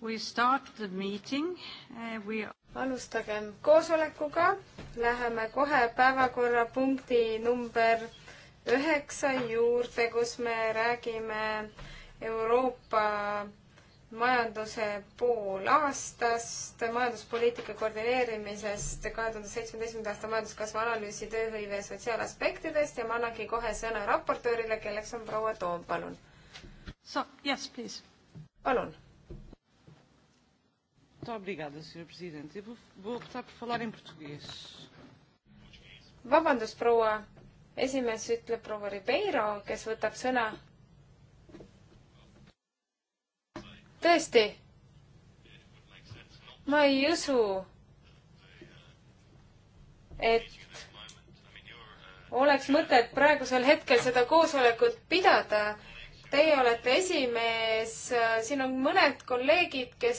We start the meeting. Uh, we... alustagem koosolekuga, läheme kohe päevakorrapunkti number üheksa juurde, kus me räägime Euroopa majanduse poolaastast, majanduspoliitika koordineerimisest, kahe tuhande seitsmeteistkümnenda aasta majanduskasvu analüüsi, tööhõive ja sotsiaalaspektidest ja ma annangi kohe sõna raportöörile, kelleks on proua Toom, palun. So yes, please. palun Muito obrigada, Sr. Presidente. Eu vou, vou optar por falar em português. Vabandust, proua esimees, ütleb proua Ribeiro, kes võtab sõna. tõesti, ma ei usu, et oleks mõtet praegusel hetkel seda koosolekut pidada Teie olete esimees, siin on mõned kolleegid, kes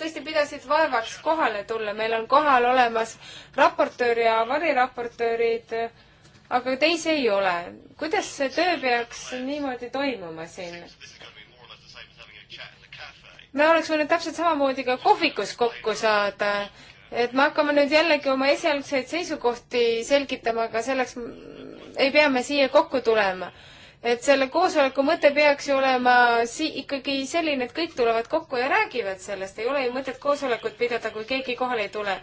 tõesti pidasid vaevaks kohale tulla, meil on kohal olemas raportöör ja variraportöörid, aga teisi ei ole. kuidas see töö peaks niimoodi toimuma siin? me oleks võinud täpselt samamoodi ka kohvikus kokku saada, et me hakkame nüüd jällegi oma esialgseid seisukohti selgitama, aga selleks ei pea me siia kokku tulema et selle koosoleku mõte peaks ju olema si-, ikkagi selline, et kõik tulevad kokku ja räägivad sellest, ei ole ju mõtet koosolekut pidada, kui keegi kohale ei tule.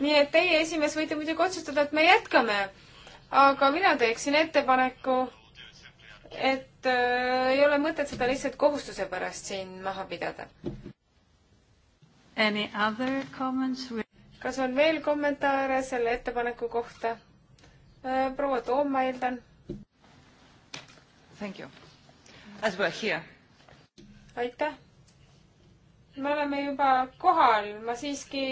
nii et teie esimees võite muidugi otsustada, et me jätkame, aga mina teeksin ettepaneku, et äh, ei ole mõtet seda lihtsalt kohustuse pärast siin maha pidada. kas on veel kommentaare selle ettepaneku kohta äh,? proua Toom, ma eeldan Thank you. As we are here. aitäh. me oleme juba kohal, ma siiski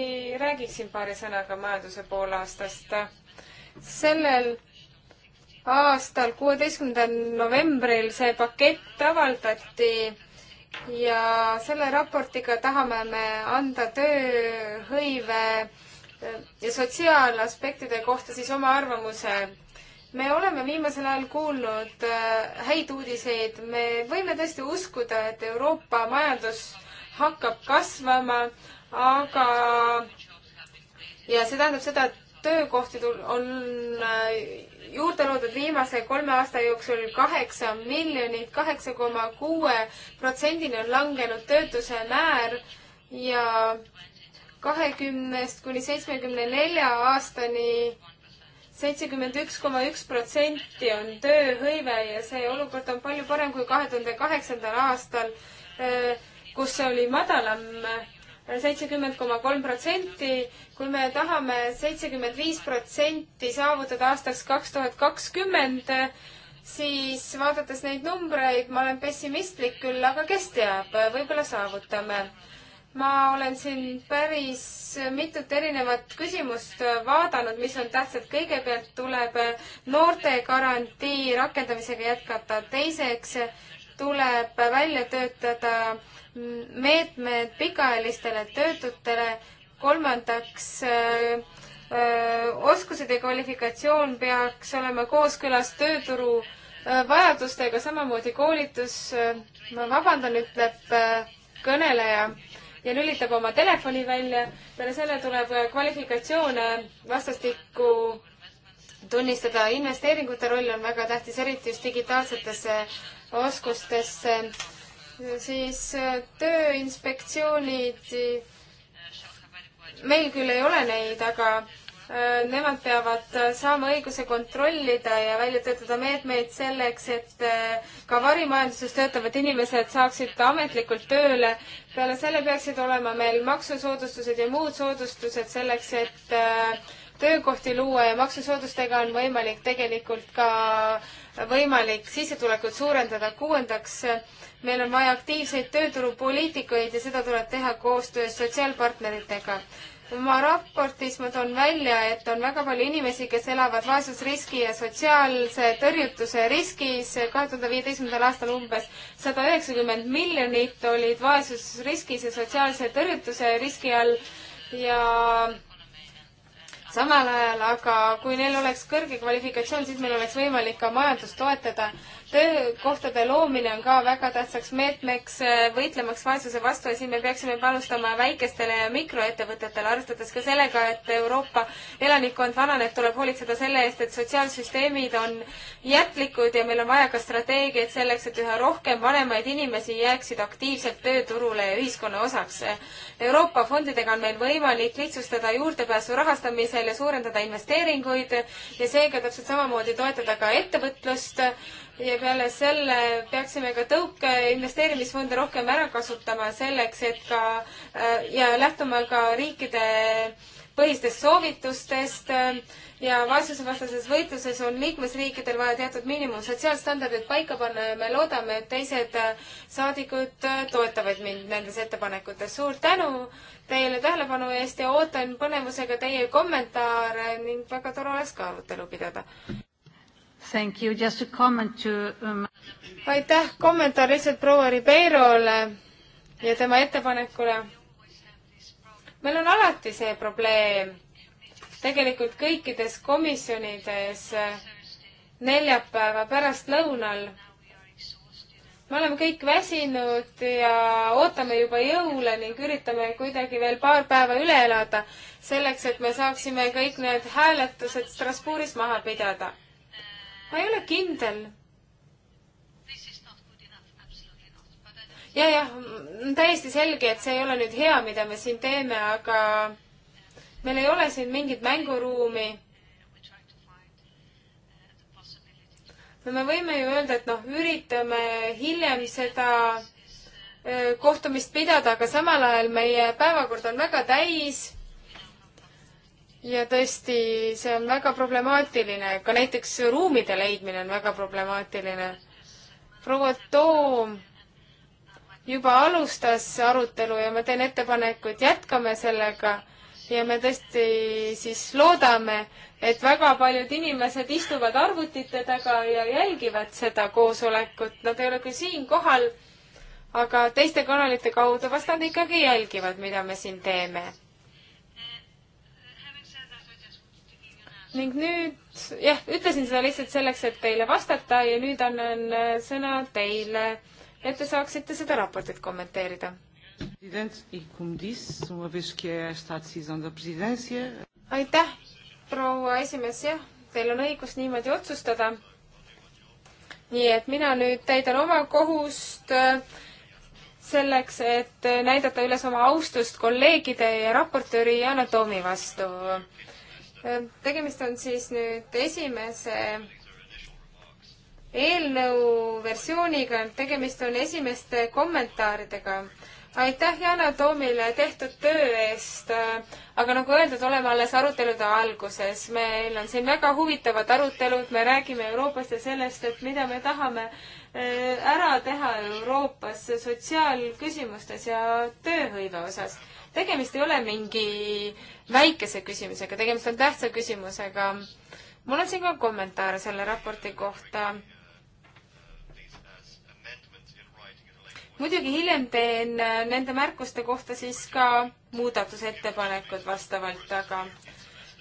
räägiksin paari sõnaga majanduse poolaastast. sellel aastal, kuueteistkümnendal novembril see pakett avaldati ja selle raportiga tahame me anda tööhõive ja sotsiaalaspektide kohta siis oma arvamuse me oleme viimasel ajal kuulnud äh, häid uudiseid, me võime tõesti uskuda, et Euroopa majandus hakkab kasvama, aga ja see tähendab seda, et töökohti on äh, juurde loodud viimase kolme aasta jooksul kaheksa miljonit, kaheksa koma kuue protsendini on langenud töötuse määr ja kahekümnest kuni seitsmekümne nelja aastani seitsekümmend üks koma üks protsenti on tööhõive ja see olukord on palju parem kui kahe tuhande kaheksandal aastal, eh, kus see oli madalam, eh, seitsekümmend koma kolm protsenti. kui me tahame seitsekümmend viis protsenti saavutada aastaks kaks tuhat kakskümmend, siis vaadates neid numbreid, ma olen pessimistlik küll, aga kes teab, võib-olla saavutame ma olen siin päris mitut erinevat küsimust vaadanud, mis on tähtsad. kõigepealt tuleb noortegarantii rakendamisega jätkata, teiseks tuleb välja töötada meetmed pikaajalistele töötutele, kolmandaks öö, äh, öö, oskused ja kvalifikatsioon peaks olema kooskõlas tööturu öö, äh, vajadustega, samamoodi koolitus, äh, ma vabandan, ütleb kõneleja ja lülitab oma telefoni välja. peale selle tuleb kvalifikatsioone vastastikku tunnistada. investeeringute roll on väga tähtis, eriti just digitaalsetesse oskustesse. siis äh, tööinspektsioonid. meil küll ei ole neid, aga Äh, nemad peavad äh, saama õiguse kontrollida ja välja töötada meetmeid selleks, et äh, ka varimajanduses töötavad inimesed saaksid ametlikult tööle. peale selle peaksid olema meil maksusoodustused ja muud soodustused selleks, et töökohti luua ja maksusoodustega on võimalik tegelikult ka võimalik sissetulekut suurendada. kuuendaks, meil on vaja aktiivseid tööturupoliitikuid ja seda tuleb teha koostöös sotsiaalpartneritega oma raportis ma toon välja, et on väga palju inimesi, kes elavad vaesusriski ja sotsiaalse tõrjutuse riskis. kahe tuhande viieteistkümnendal aastal umbes sada üheksakümmend miljonit olid vaesusriskis ja sotsiaalse tõrjutuse riski all ja samal ajal, aga kui neil oleks kõrge kvalifikatsioon, siis meil oleks võimalik ka majandust toetada töökohtade loomine on ka väga tähtsaks meetmeks äh, võitlemaks vaesuse vastu ja siin me peaksime panustama väikestele ja mikroettevõtetele, arvestades ka sellega, et Euroopa elanikkond vananeb, tuleb hoolitseda selle eest, et sotsiaalsüsteemid on jätlikud ja meil on vaja ka strateegiaid selleks, et üha rohkem vanemaid inimesi jääksid aktiivselt tööturule ja ühiskonna osaks. Euroopa fondidega on meil võimalik lihtsustada juurdepääsu rahastamisel ja suurendada investeeringuid ja seega täpselt samamoodi toetada ka ettevõtlust ja peale selle peaksime ka tõuke investeerimisfonde rohkem ära kasutama selleks, et ka äh, ja lähtuma ka riikide põhistest soovitustest äh, ja vaesusevastases võitluses on liikmesriikidel vaja teatud miinimumsotsiaalstandardid paika panna ja me loodame, et teised äh, saadikud toetavad mind nendes ettepanekutes. suur tänu teile tähelepanu eest ja ootan põnevusega teie kommentaare ning väga tore oleks ka arutelu pidada. Thank you, just a comment to um... aitäh, kommentaar lihtsalt proua Ribeirole ja tema ettepanekule. meil on alati see probleem tegelikult kõikides komisjonides neljapäeva pärastlõunal. me oleme kõik väsinud ja ootame juba jõule ning üritame kuidagi veel paar päeva üle elada, selleks et me saaksime kõik need hääletused Strasbourgis maha pidada ma ei ole kindel. ja, jah, on täiesti selge, et see ei ole nüüd hea, mida me siin teeme, aga meil ei ole siin mingit mänguruumi uh, no me võime ju öelda, et noh, üritame hiljem seda uh, uh, kohtumist pidada, aga samal ajal meie päevakord on väga täis ja tõesti, see on väga problemaatiline, ka näiteks ruumide leidmine on väga problemaatiline. proua Toom juba alustas arutelu ja ma teen ettepaneku, et jätkame sellega ja me tõesti siis loodame, et väga paljud inimesed istuvad arvutite taga ja jälgivad seda koosolekut, nad ei ole küll siin kohal, aga teiste kanalite kaudu vast nad ikkagi jälgivad, mida me siin teeme ning nüüd jah, ütlesin seda lihtsalt selleks, et teile vastata ja nüüd annan äh, sõna teile, et te saaksite seda raportit kommenteerida. aitäh, proua esimees, jah, teil on õigus niimoodi otsustada. nii et mina nüüd täidan oma kohust äh, selleks, et äh, näidata üles oma austust kolleegide ja raportööri Yana Toomi vastu tegemist on siis nüüd esimese eelnõu versiooniga, tegemist on esimeste kommentaaridega. aitäh Yana Toomile tehtud töö eest, aga nagu öeldud, oleme alles arutelude alguses. meil on siin väga huvitavad arutelud, me räägime Euroopast ja sellest, et mida me tahame äh, ära teha Euroopas sotsiaalküsimustes ja tööhõive osas tegemist ei ole mingi väikese küsimusega, tegemist on tähtsa küsimusega. mul on siin ka kommentaar selle raporti kohta. muidugi hiljem teen nende märkuste kohta siis ka muudatusettepanekud vastavalt, aga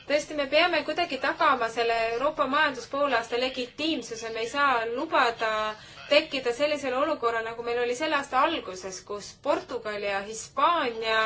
tõesti, me peame kuidagi tagama selle Euroopa majanduspoolaasta legitiimsuse, me ei saa lubada tekkida sellisele olukorrale, nagu meil oli selle aasta alguses, kus Portugal ja Hispaania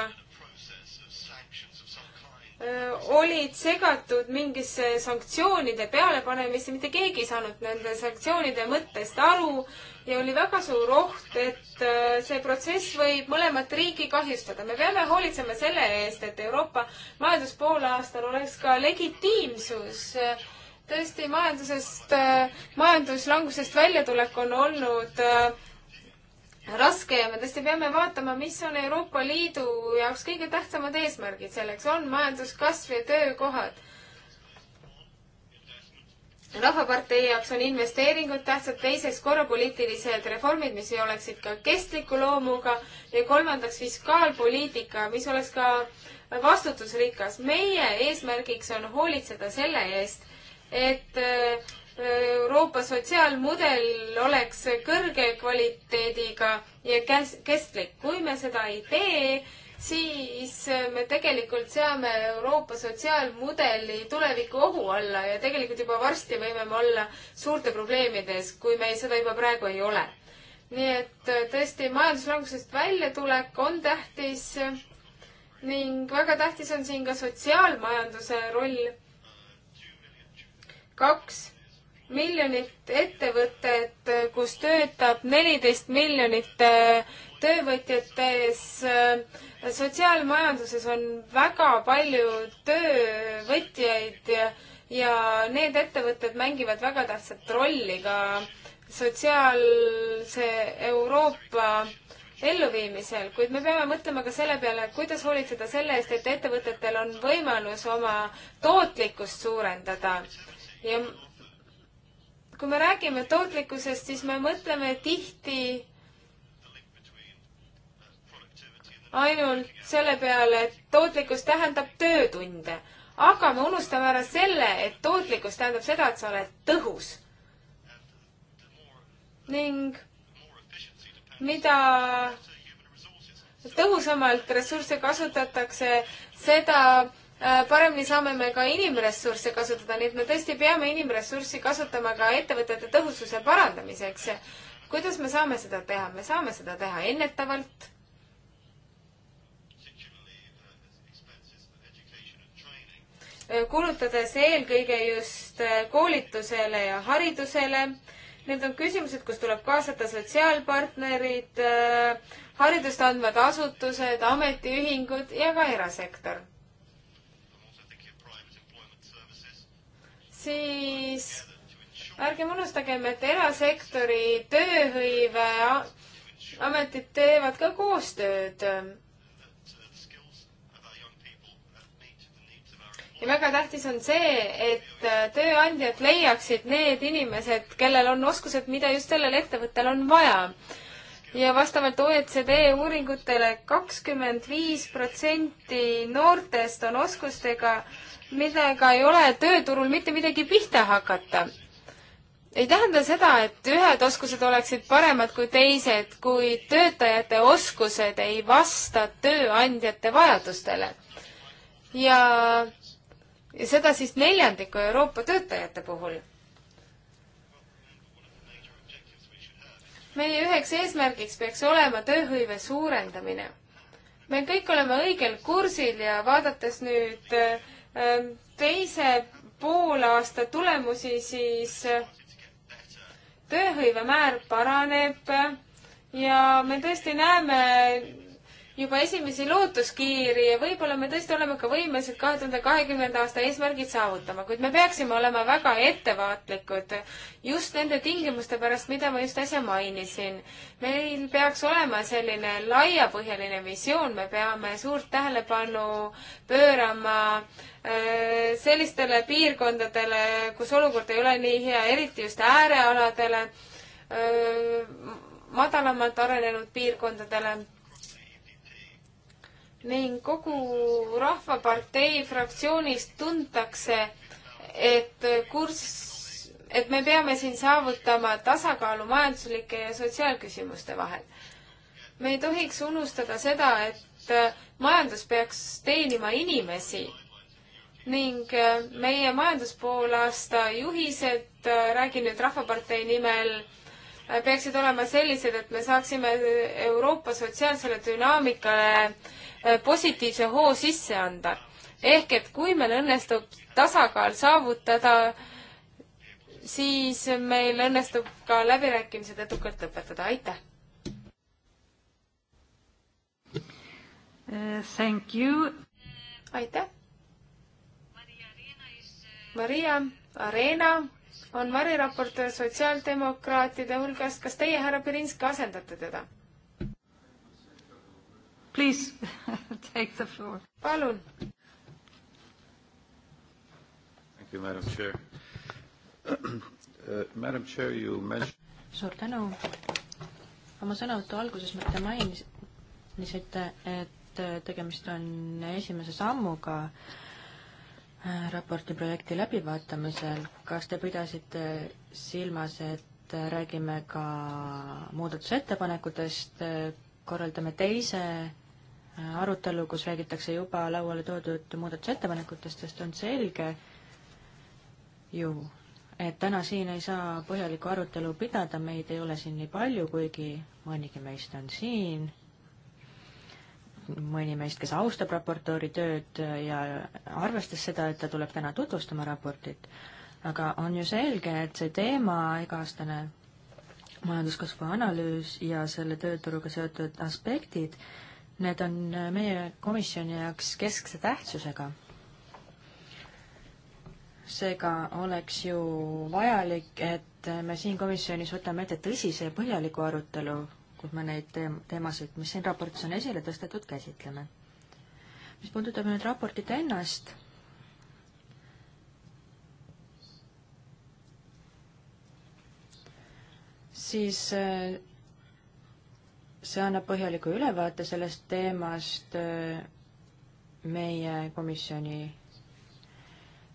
Äh, olid segatud mingisse sanktsioonide pealepanemisse, mitte keegi ei saanud nende sanktsioonide mõttest aru ja oli väga suur oht, et äh, see protsess võib mõlemat riiki kahjustada. me peame hoolitsema selle eest, et Euroopa majandus poolaastal oleks ka legitiimsus. tõesti, majandusest, äh, majanduslangusest väljatulek on olnud äh, raske ja me tõesti peame vaatama, mis on Euroopa Liidu jaoks kõige tähtsamad eesmärgid, selleks on majanduskasv ja töökohad. rahvapartei jaoks on investeeringud tähtsad, teiseks korrapoliitilised reformid, mis oleksid ka kestliku loomuga ja kolmandaks fiskaalpoliitika, mis oleks ka vastutusrikas. meie eesmärgiks on hoolitseda selle eest, et äh, Euroopa sotsiaalmudel oleks kõrge kvaliteediga ja käs-, kestlik. kui me seda ei tee, siis me tegelikult seame Euroopa sotsiaalmudeli tuleviku ohu alla ja tegelikult juba varsti võime me olla suurte probleemide ees, kui me seda juba praegu ei ole. nii et äh, tõesti, majanduslangusest väljatulek on tähtis ning väga tähtis on siin ka sotsiaalmajanduse roll. kaks miljonit ettevõtet, kus töötab neliteist miljonit äh, töövõtjates. Äh, sotsiaalmajanduses on väga palju töövõtjaid ja, ja need ettevõtted mängivad väga tähtsat rolli ka sotsiaalse Euroopa elluviimisel, kuid me peame mõtlema ka selle peale, kuidas hoolitseda selle eest, et ettevõtetel on võimalus oma tootlikkust suurendada ja kui me räägime tootlikkusest, siis me mõtleme tihti ainult selle peale, et tootlikkus tähendab töötunde. aga me unustame ära selle, et tootlikkus tähendab seda, et sa oled tõhus. ning mida tõhusamalt ressursse kasutatakse, seda Äh, paremini saame me ka inimressursse kasutada, nii et me tõesti peame inimressurssi kasutama ka ettevõtete tõhususe parandamiseks. kuidas me saame seda teha? me saame seda teha ennetavalt. Äh, kulutades eelkõige just äh, koolitusele ja haridusele. Need on küsimused, kus tuleb kaasata sotsiaalpartnerid, haridust andvad asutused, ametiühingud ja ka erasektor siis ärgem unustagem, et erasektori tööhõive ametid teevad ka koostööd. ja väga tähtis on see, et tööandjad leiaksid need inimesed, kellel on oskused, mida just sellel ettevõttel on vaja. ja vastavalt OECD uuringutele kakskümmend viis protsenti noortest on oskustega äh, millega ei ole tööturul mitte midagi pihta hakata. ei tähenda seda, et ühed oskused oleksid paremad kui teised, kuid töötajate oskused ei vasta tööandjate vajadustele. ja, ja seda siis neljandiku Euroopa töötajate puhul. meie üheks eesmärgiks peaks olema tööhõive suurendamine. me kõik oleme õigel kursil ja vaadates nüüd äh, teise poolaasta tulemusi, siis tööhõivemäär paraneb ja me tõesti näeme juba esimesi lootuskiiri ja võib-olla me tõesti oleme ka võimelised kahe tuhande kahekümnenda aasta eesmärgid saavutama, kuid me peaksime olema väga ettevaatlikud just nende tingimuste pärast, mida ma just äsja mainisin. meil peaks olema selline laiapõhjaline visioon, me peame suurt tähelepanu pöörama äh, sellistele piirkondadele, kus olukord ei ole nii hea, eriti just äärealadele, äh, madalamalt arenenud piirkondadele ning kogu Rahvapartei fraktsioonist tuntakse, et kurss, et me peame siin saavutama tasakaalu majanduslike ja sotsiaalküsimuste vahel. me ei tohiks unustada seda, et äh, majandus peaks teenima inimesi ning äh, meie majanduspoolaasta juhised, äh, räägin nüüd Rahvapartei nimel, peaksid olema sellised, et me saaksime Euroopa sotsiaalsele dünaamikale Äh, positiivse hoo sisse anda. ehk et kui meil õnnestub tasakaal saavutada, siis meil õnnestub ka läbirääkimised edukalt lõpetada, aitäh! Uh, thank you! aitäh! Maria Arena on variraportöör sotsiaaldemokraatide hulgast, kas teie, härra Pirinski, asendate teda? Please take the floor. palun. Thank you, madam chair uh,. Madam chair, you mentioned. suur tänu. oma sõnavõtu alguses te mainisite, et äh, tegemist on esimese sammuga äh, raporti projekti läbivaatamisel. kas te pidasite silmas, et äh, räägime ka muudatusettepanekutest, korraldame teise arutelu, kus räägitakse juba lauale toodud muudatusettepanekutest, sest on selge ju, et täna siin ei saa põhjalikku arutelu pidada, meid ei ole siin nii palju, kuigi mõnigi meist on siin, mõni meist, kes austab raportööri tööd ja arvestas seda, et ta tuleb täna tutvustama raportit, aga on ju selge, et see teema, iga-aastane majanduskasvu analüüs ja selle tööturuga seotud aspektid Need on äh, meie komisjoni jaoks keskse tähtsusega. seega oleks ju vajalik, et me siin komisjonis võtame ette tõsise ja põhjaliku arutelu, kus me neid teem-, teemasid, mis siin raportis on esile tõstetud, käsitleme. mis puudutab nüüd raportit ennast, siis äh, see annab põhjaliku ülevaate sellest teemast äh, meie komisjoni,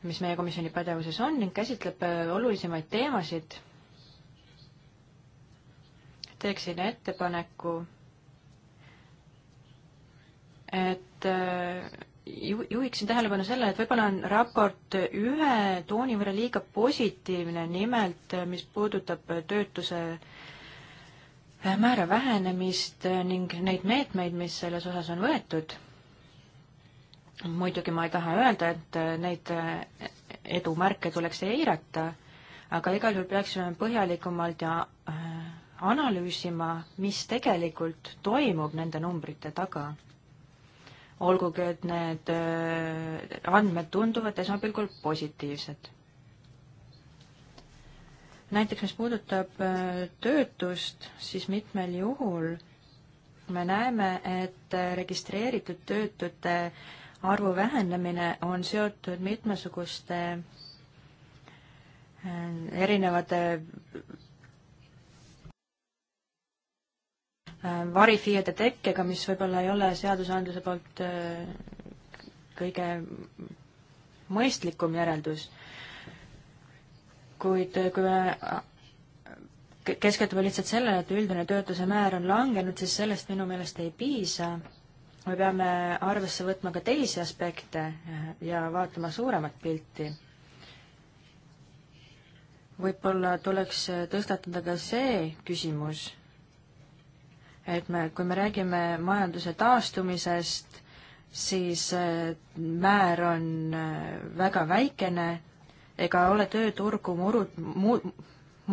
mis meie komisjoni pädevuses on ning käsitleb äh, olulisemaid teemasid. teeksin ettepaneku, et äh, ju-, juhiksin tähelepanu sellele, et võib-olla on raport ühe tooni võrra liiga positiivne, nimelt mis puudutab töötuse äh, määra vähenemist ning neid meetmeid, mis selles osas on võetud. muidugi ma ei taha öelda, et neid edumärke tuleks eirata, aga igal juhul peaksime põhjalikumalt ja äh, analüüsima, mis tegelikult toimub nende numbrite taga. olgugi, et need äh, andmed tunduvad esmapilgul positiivsed näiteks mis puudutab äh, töötust, siis mitmel juhul me näeme, et äh, registreeritud töötute arvu vähendamine on seotud mitmesuguste äh, erinevate varifiiade tekkega, mis võib-olla ei ole seadusandluse poolt kõige mõistlikum järeldus kuid äh, kui me äh, keskendume lihtsalt sellele, et üldine töötuse määr on langenud, siis sellest minu meelest ei piisa. me peame arvesse võtma ka teisi aspekte äh, ja vaatama suuremat pilti. võib-olla tuleks tõstatada ka see küsimus, et me, kui me räägime majanduse taastumisest, siis määr on väga väikene ega ole tööturgu muru-, mu-,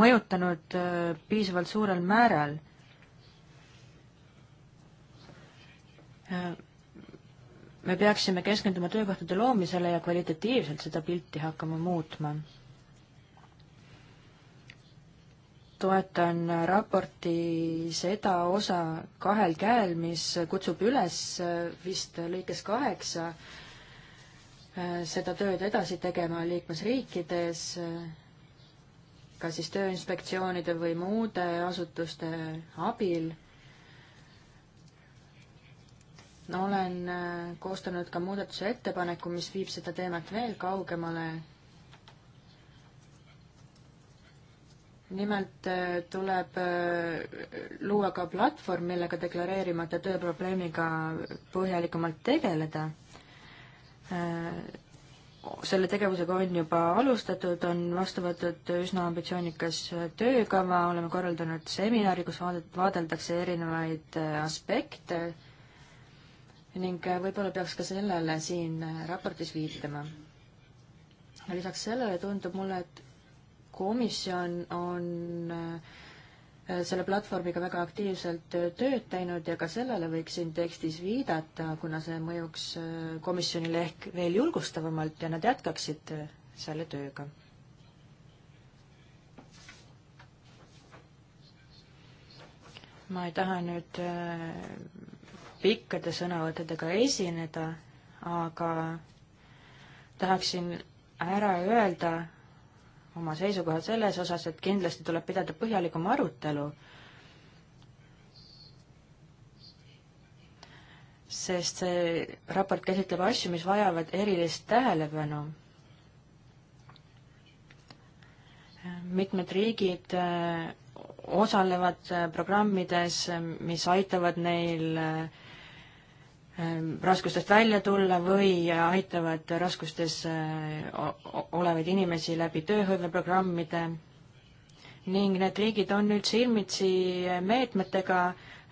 mõjutanud äh, piisavalt suurel määral. Äh, me peaksime keskenduma töökohtade loomisele ja kvalitatiivselt seda pilti hakkama muutma. toetan raporti seda osa kahel käel, mis kutsub üles äh, vist lõikes kaheksa Äh, seda tööd edasi tegema liikmesriikides, äh, ka siis tööinspektsioonide või muude asutuste abil. olen äh, koostanud ka muudatuse ettepaneku, mis viib seda teemat veel kaugemale. nimelt tuleb luua ka platvorm, millega deklareerimata tööprobleemiga põhjalikumalt tegeleda Äh, selle tegevusega on juba alustatud, on vastu võetud üsna ambitsioonikas töökava, oleme korraldanud seminari, kus vaadeldakse erinevaid äh, aspekte ning äh, võib-olla peaks ka sellele siin raportis viitama. lisaks sellele tundub mulle, et komisjon on äh, selle platvormiga väga aktiivselt tööd teinud ja ka sellele võiksin tekstis viidata, kuna see mõjuks äh, komisjonile ehk veel julgustavamalt ja nad jätkaksid äh, selle tööga. ma ei taha nüüd äh, pikkade sõnavõttedega esineda, aga tahaksin ära öelda, oma seisukohad selles osas, et kindlasti tuleb pidada põhjalikum arutelu, sest see raport käsitleb asju, mis vajavad erilist tähelepanu. mitmed riigid eh, osalevad eh, programmides, eh, mis aitavad neil äh, Ähm, raskustest välja tulla või aitavad raskustes äh, olevaid inimesi läbi tööhõiveprogrammide ning need riigid on nüüd silmitsi äh, meetmetega,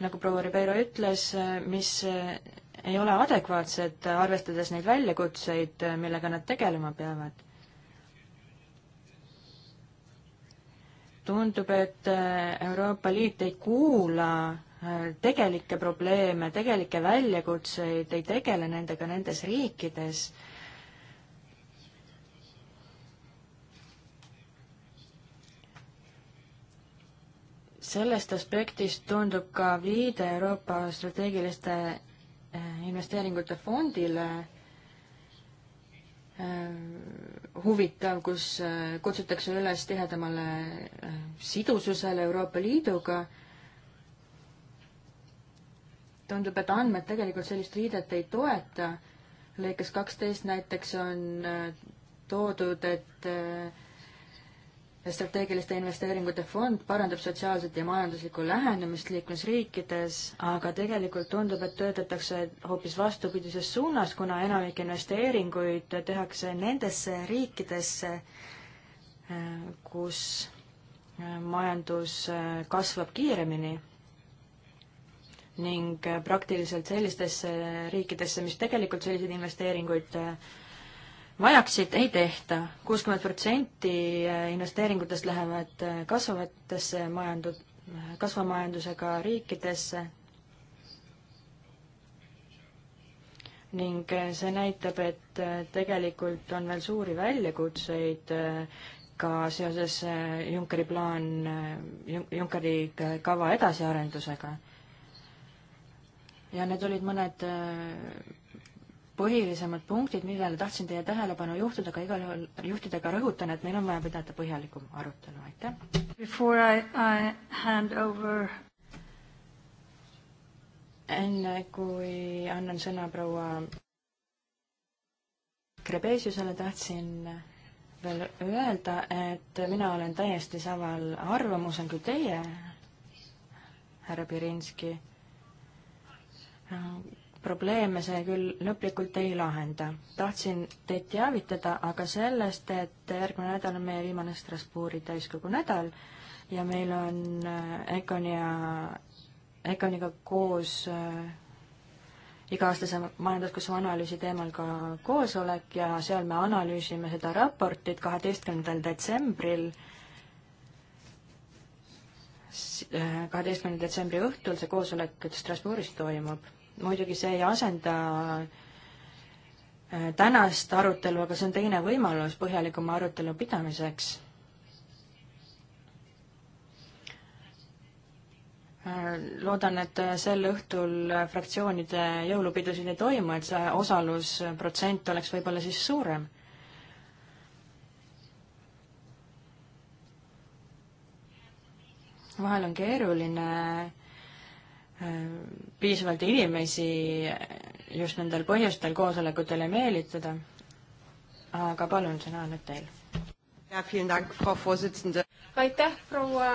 nagu proua Ribeiro ütles, äh, mis ei ole adekvaatsed, arvestades neid väljakutseid, millega nad tegelema peavad. tundub, et Euroopa Liit ei kuula tegelikke probleeme, tegelikke väljakutseid, ei tegele nendega nendes riikides. sellest aspektist tundub ka viide Euroopa strateegiliste eh, investeeringute fondile eh, huvitav, kus eh, kutsutakse üles tihedamale sidususele Euroopa Liiduga tundub, et andmed tegelikult sellist riidet ei toeta. lõikes kaksteist näiteks on äh, toodud, et äh, strateegiliste investeeringute fond parandab sotsiaalset ja majanduslikku lähenemist liikmesriikides, aga tegelikult tundub, et töötatakse hoopis vastupidises suunas, kuna enamik investeeringuid tehakse nendesse riikidesse, äh, kus majandus kasvab kiiremini ning äh, praktiliselt sellistesse riikidesse, mis tegelikult selliseid investeeringuid äh, vajaksid, ei tehta. kuuskümmend protsenti äh, investeeringutest lähevad kasvavatesse majandu-, kasvamajandusega riikidesse ning see näitab, et tegelikult on veel suuri väljakutseid ka seoses Junckeri plaan, Junckeri kava edasiarendusega ja need olid mõned äh, põhilisemad punktid, millele tahtsin teie tähelepanu juhtida, aga igal juhul juhtida ka rõhutan, et meil on vaja pidada põhjalikum arutelu, aitäh. Before I, I hand over enne kui annan sõna proua Krebesiusele, tahtsin veel öelda, et mina olen täiesti samal arvamusel kui teie, härra Pirinski probleeme see küll lõplikult ei lahenda. tahtsin teid teavitada aga sellest, et järgmine nädal on meie viimane Strasbourgi täiskogu nädal ja meil on äh, Econi ja, Econiga koos äh, iga-aastase majanduskasvu analüüsi teemal ka koosolek ja seal me analüüsime seda raportit kaheteistkümnendal detsembril äh, kaheteistkümnenda detsembri õhtul see koosolek Strasbourgis toimub muidugi see ei asenda äh, tänast arutelu, aga see on teine võimalus põhjalikuma arutelu pidamiseks. Äh, loodan, et sel õhtul fraktsioonide jõulupidusid ei toimu, et see osalusprotsent oleks võib-olla siis suurem vahel on keeruline piisavalt inimesi just nendel põhjustel koosolekutele meelitada. aga palun, sõna on nüüd teil. aitäh, proua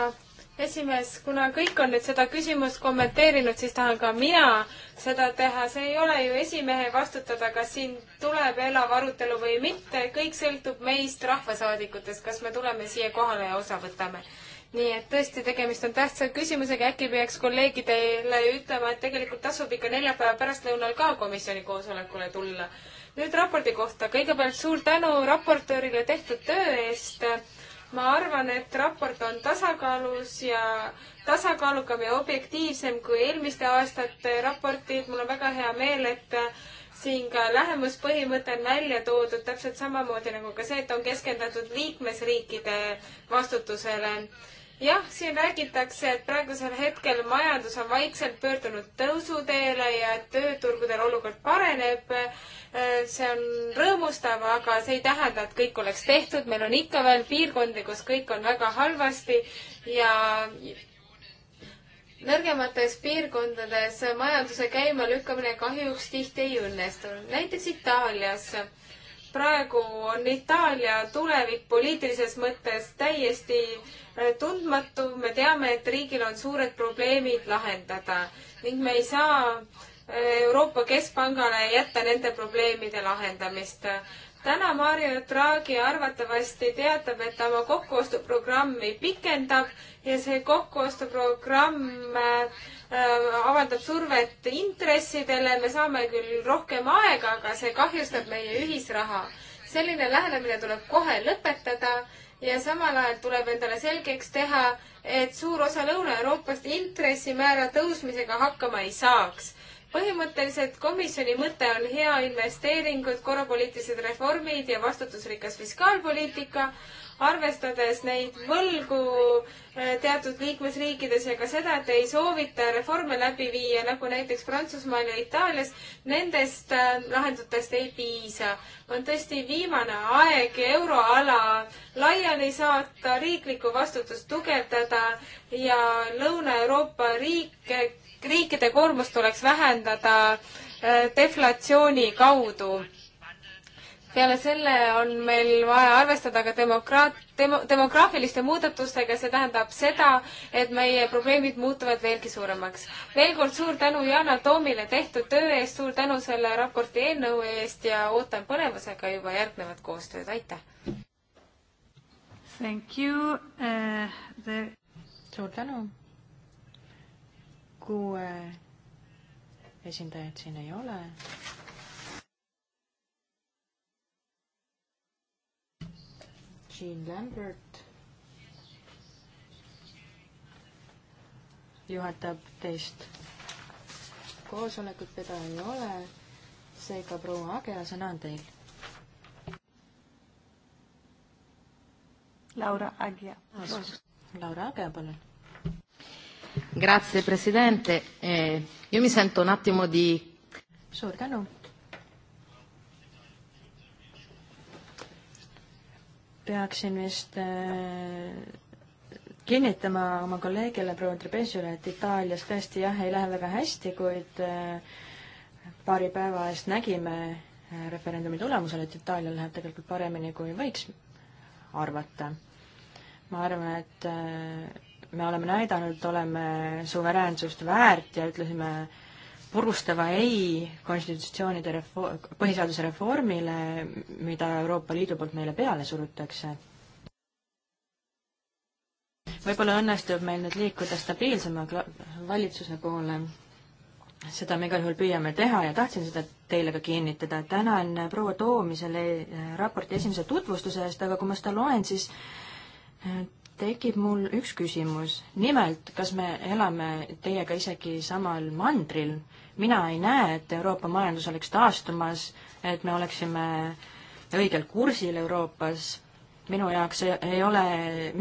esimees, kuna kõik on nüüd seda küsimust kommenteerinud, siis tahan ka mina seda teha. see ei ole ju esimehe vastutada, kas siin tuleb elav arutelu või mitte. kõik sõltub meist, rahvasaadikutest, kas me tuleme siia kohale ja osa võtame. nii et tõesti, tegemist on tähtsa küsimusega. äkki peaks kolleegidele ütlema, et tegelikult tasub ikka neljapäeva pärastlõunal ka komisjoni koosolekule tulla. nüüd raporti kohta. kõigepealt suur tänu raportöörile tehtud töö eest ma arvan, et raport on tasakaalus ja tasakaalukam ja objektiivsem kui eelmiste aastate raportid. mul on väga hea meel, et siin ka lähemuspõhimõte on välja toodud täpselt samamoodi nagu ka see, et on keskendatud liikmesriikide vastutusele jah, siin räägitakse, et praegusel hetkel majandus on vaikselt pöördunud tõusuteele ja et tööturgudel olukord pareneb. Äh, see on rõõmustav, aga see ei tähenda, et kõik oleks tehtud, meil on ikka veel piirkondi, kus kõik on väga halvasti ja nõrgemates piirkondades majanduse käimalükkamine kahjuks tihti ei õnnestu. näiteks Itaalias praegu on Itaalia tulevik poliitilises mõttes täiesti äh, tundmatu, me teame, et riigil on suured probleemid lahendada ning me ei saa eh, Euroopa Keskpangale jätta nende probleemide lahendamist täna Mario Draghi arvatavasti teatab, et ta oma kokkuostuprogrammi pikendab ja see kokkuostuprogramm eh, avaldab survet intressidele, me saame küll rohkem aega, aga see kahjustab meie ühisraha. selline lähenemine tuleb kohe lõpetada ja samal ajal tuleb endale selgeks teha, et suur osa Lõuna-Euroopast intressimäära tõusmisega hakkama ei saaks. põhimõtteliselt komisjoni mõte on hea investeeringud, korrapoliitilised reformid ja vastutusrikas fiskaalpoliitika, arvestades neid võlgu eh, teatud liikmesriikides ja ka seda, et ei soovita reforme läbi viia, nagu näiteks Prantsusmaal ja Itaalias, nendest eh, lahendutest ei piisa. on tõesti viimane aeg euroala laiali saata, riiklikku vastutust tugevdada ja Lõuna-Euroopa riike, riikide koormust tuleks vähendada eh, deflatsiooni kaudu peale selle on meil vaja arvestada ka demokraat-, demo-, demograafiliste muudatustega, see tähendab seda, et meie probleemid muutuvad veelgi suuremaks. veel kord suur tänu Yana Toomile tehtud töö eest, suur tänu selle raporti eelnõu eest ja ootan põnevusega juba järgnevat koostööd, aitäh! Thank you uh,, the suur tänu! kuue esindajat siin ei ole. Jean Lambert juhatab teist koosolekut, keda ei ole, seega proua Agea, sõna on teil. Laura Agea. Laura Agea, palun. Grazie Presidente eh,, io mi sento un attimo di. suur tänu peaksin vist äh, kinnitama oma kolleegile proua Trebesiole, et Itaalias tõesti jah, ei lähe väga hästi, kuid äh, paari päeva eest nägime äh, referendumi tulemusel, et Itaalial läheb tegelikult paremini, kui võiks arvata. ma arvan, et me oleme näidanud, oleme suveräänsust väärt ja ütlesime äh, purustava ei konstitutsioonide refo-, põhiseaduse reformile, mida Euroopa Liidu poolt meile peale surutakse. võib-olla õnnestub meil nüüd liikuda stabiilsema valitsuse poole, seda me igal juhul püüame teha ja tahtsin seda teile ka kinnitada. tänan proua Toomi selle eh, raporti esimese tutvustuse eest, aga kui ma seda loen, siis eh, tekib mul üks küsimus. nimelt, kas me elame teiega isegi samal mandril? mina ei näe, et Euroopa majandus oleks taastumas, et me oleksime õigel kursil Euroopas. minu jaoks ei ole,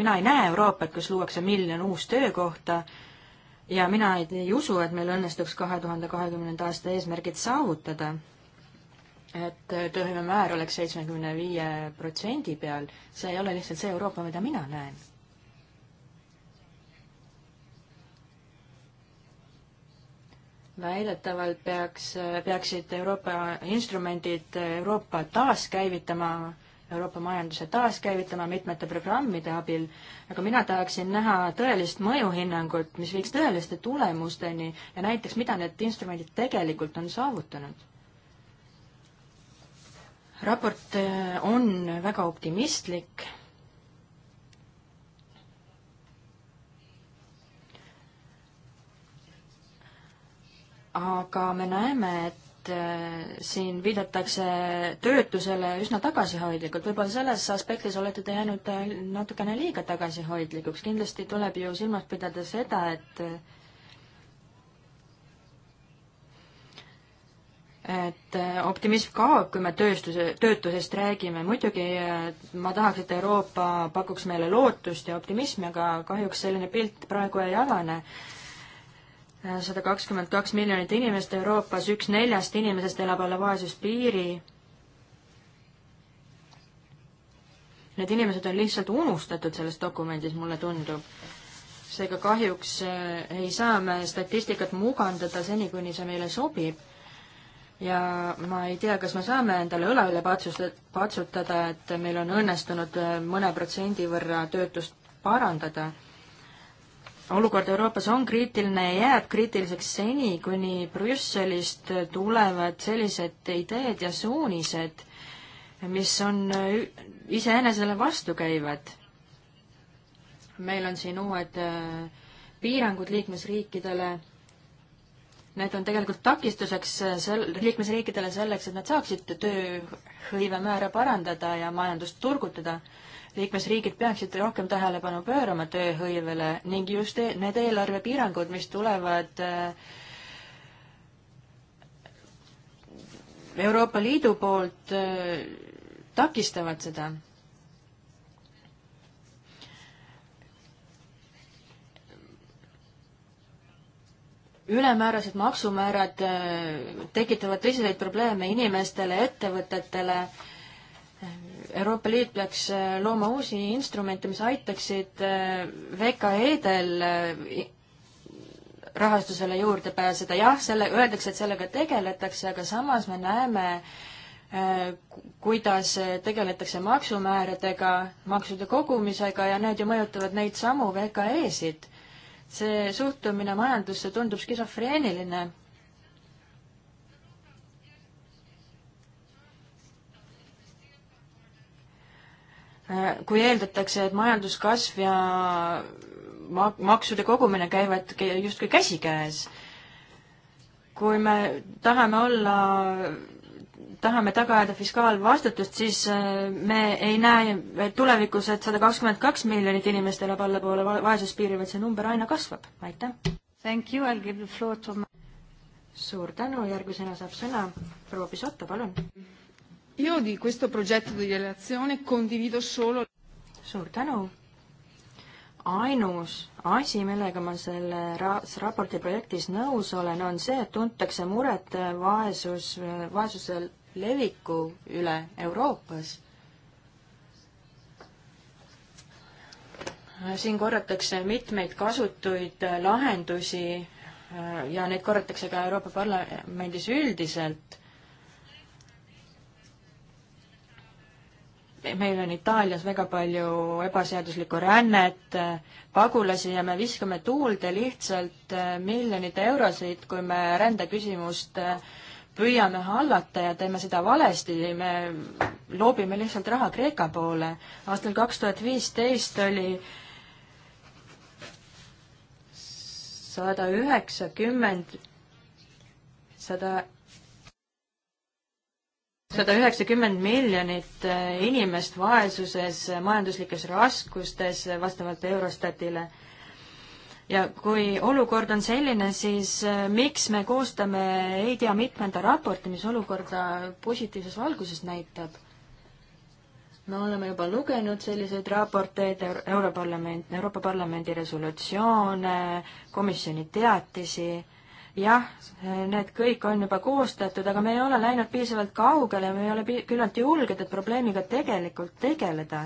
mina ei näe Euroopat, kus luuakse miljon uus töökohta ja mina ei, ei usu, et meil õnnestuks kahe tuhande kahekümnenda aasta eesmärgid saavutada. et tööhõive määr oleks seitsmekümne viie protsendi peal, see ei ole lihtsalt see Euroopa, mida mina näen väidetavalt peaks, peaksid Euroopa instrumendid Euroopa taaskäivitama Euroopa majanduse taaskäivitama mitmete programmide abil, aga mina tahaksin näha tõelist mõjuhinnangut, mis viiks tõeliste tulemusteni ja näiteks, mida need instrumendid tegelikult on saavutanud. raport äh, on väga optimistlik aga me näeme, et äh, siin viidatakse töötusele üsna tagasihoidlikult, võib-olla selles aspektis olete te jäänud äh, natukene liiga tagasihoidlikuks, kindlasti tuleb ju silmas pidada seda, et et äh, optimism kaob, kui me tööstuse, töötusest räägime, muidugi ma tahaks, et Euroopa pakuks meile lootust ja optimismi, aga kahjuks selline pilt praegu ei avane sada kakskümmend kaks miljonit inimest Euroopas, üks neljast inimesest elab alla vaesuspiiri. Need inimesed on lihtsalt unustatud selles dokumendis, mulle tundub. seega kahjuks äh, ei saa me statistikat mugandada seni, kuni see meile sobib. ja ma ei tea, kas me saame endale õla üle patsustada, patsutada, et meil on õnnestunud äh, mõne protsendi võrra töötust parandada olukord Euroopas on kriitiline ja jääb kriitiliseks seni, kuni Brüsselist tulevad sellised ideed ja suunised, mis on iseenesele vastukäivad. meil on siin uued äh, piirangud liikmesriikidele need on tegelikult takistuseks äh, sel-, liikmesriikidele selleks, et nad saaksid tööhõive määra parandada ja majandust turgutada liikmesriigid peaksid rohkem tähelepanu pöörama tööhõivele ning just e-, need eelarvepiirangud, mis tulevad äh, Euroopa Liidu poolt, äh, takistavad seda ülemäärased maksumäärad äh, tekitavad tõsiseid probleeme inimestele, ettevõtetele Euroopa Liit peaks äh, looma uusi instrumente, mis aitaksid äh, VKE-del äh, rahastusele juurde pääseda. jah, selle, öeldakse, et sellega tegeletakse, aga samas me näeme, kuidas tegeletakse maksumääradega, maksude kogumisega ja need ju mõjutavad neid samu VKE-sid. see suhtumine majandusse tundub skisofreeniline kui eeldatakse, et majanduskasv ja ma-, maksude kogumine käivad justkui käsikäes, kui me tahame olla, tahame taga ajada fiskaalvastutust, siis äh, me ei näe tulevikus, et sada kakskümmend kaks miljonit inimest elab allapoole vaesuspiiri, vaid see number aina kasvab, aitäh! Thank you, I will give the floor to suur tänu, järgmisena saab sõna proua Pisotta, palun! Io di questo progetto di relazione condivido solo suur tänu! ainus asi, millega ma selle ra-, raporti projektis nõus olen, on see, et tuntakse muret vaesus, vaesuse leviku üle Euroopas. siin korratakse mitmeid kasutuid lahendusi ja neid korratakse ka Euroopa Parlamendis üldiselt meil on Itaalias väga palju ebaseaduslikku rännet, pagulasi ja me viskame tuulde lihtsalt eh, miljoneid eurosid, kui me rändeküsimust eh, püüame hallata ja teeme seda valesti, me loobime lihtsalt raha Kreeka poole. aastal kaks tuhat viisteist oli sada üheksakümmend, sada sada üheksakümmend miljonit eh, inimest vaesuses, majanduslikes raskustes eh, vastavalt Eurostatile. ja kui olukord on selline, siis eh, miks me koostame ei tea mitmenda raporti, mis olukorda positiivses valguses näitab? me oleme juba lugenud selliseid raporteid Euro, Europarlament, Euroopa Parlamendi resolutsioone, komisjoni teatisi jah, need kõik on juba koostatud, aga me ei ole läinud piisavalt kaugele, me ei ole küllalt julged, et probleemiga tegelikult tegeleda.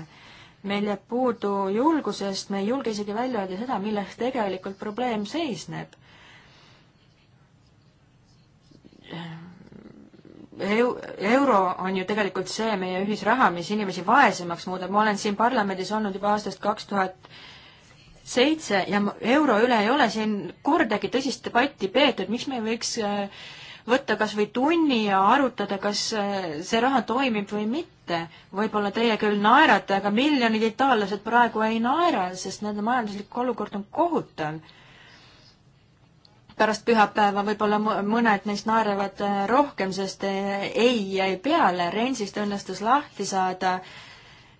meil jääb puudu julgusest, me ei julge isegi välja öelda seda, milles tegelikult probleem seisneb euro on ju tegelikult see meie ühisraha, mis inimesi vaesemaks muudab, ma olen siin parlamendis olnud juba aastast kaks tuhat seitse ja euro üle ei ole siin kordagi tõsist debatti peetud, miks me ei võiks äh, võtta kas või tunni ja arutada, kas äh, see raha toimib või mitte. võib-olla teie küll naerate, aga miljonid itaallased praegu ei naera, sest nende majanduslik olukord on kohutav pärast pühapäeva võib-olla mõned neist naeravad äh, rohkem, sest ei jäi peale, Rensist õnnestus lahti saada äh,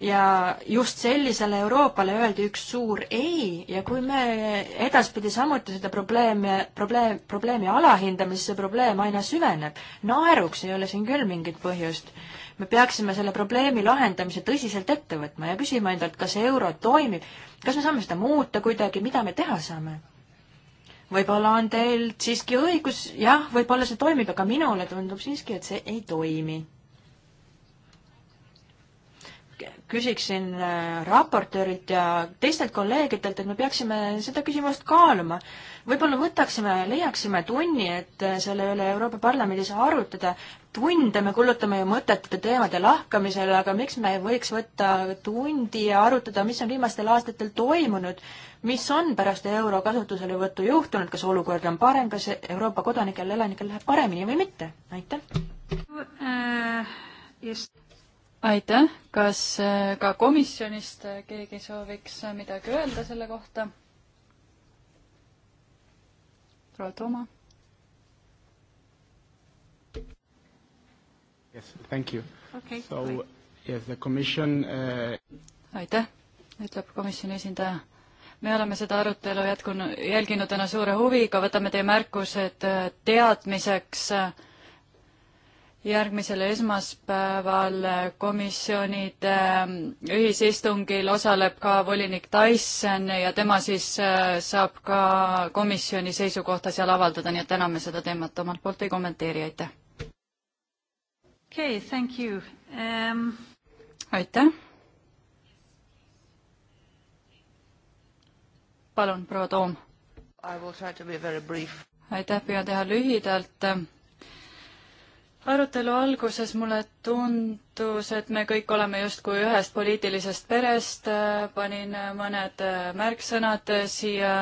ja just sellisele Euroopale öeldi üks suur ei ja kui me edaspidi samuti seda probleemi, probleem, probleemi alahindame, siis see probleem aina süveneb. naeruks ei ole siin küll mingit põhjust. me peaksime selle probleemi lahendamise tõsiselt ette võtma ja küsima endalt, kas euro toimib, kas me saame seda muuta kuidagi, mida me teha saame? võib-olla on teil siiski õigus, jah, võib-olla see toimib, aga minule tundub siiski, et see ei toimi küsiksin äh, raportöörilt ja teistelt kolleegidelt, et me peaksime seda küsimust kaaluma. võib-olla võtaksime, leiaksime tunni, et äh, selle üle Euroopa Parlamendis arutada. tunde me kulutame ju mõttetute teemade lahkamisele, aga miks me ei võiks võtta tundi ja arutada, mis on viimastel aastatel toimunud, mis on pärast euro kasutuselevõttu juhtunud, kas olukord on parem, kas Euroopa kodanikel, elanikel läheb paremini või mitte? aitäh! Äh, just aitäh, kas äh, ka komisjonist äh, keegi sooviks äh, midagi öelda selle kohta? proua Tooma. Yes, thank you okay.. So yes, the commission uh.... aitäh, ütleb komisjoni esindaja. me oleme seda arutelu jätkunud, jälginud täna suure huviga, võtame teie märkused teadmiseks uh, järgmisel esmaspäeval komisjonide ähm, ühisistungil osaleb ka volinik Tyson ja tema siis äh, saab ka komisjoni seisukohta seal avaldada, nii et täna me seda teemat omalt poolt ei kommenteeri, aitäh. okei okay,, thank you um.... aitäh. palun, proua Toom. aitäh, püüan teha lühidalt arutelu alguses mulle tundus, et me kõik oleme justkui ühest poliitilisest perest, panin mõned märksõnad siia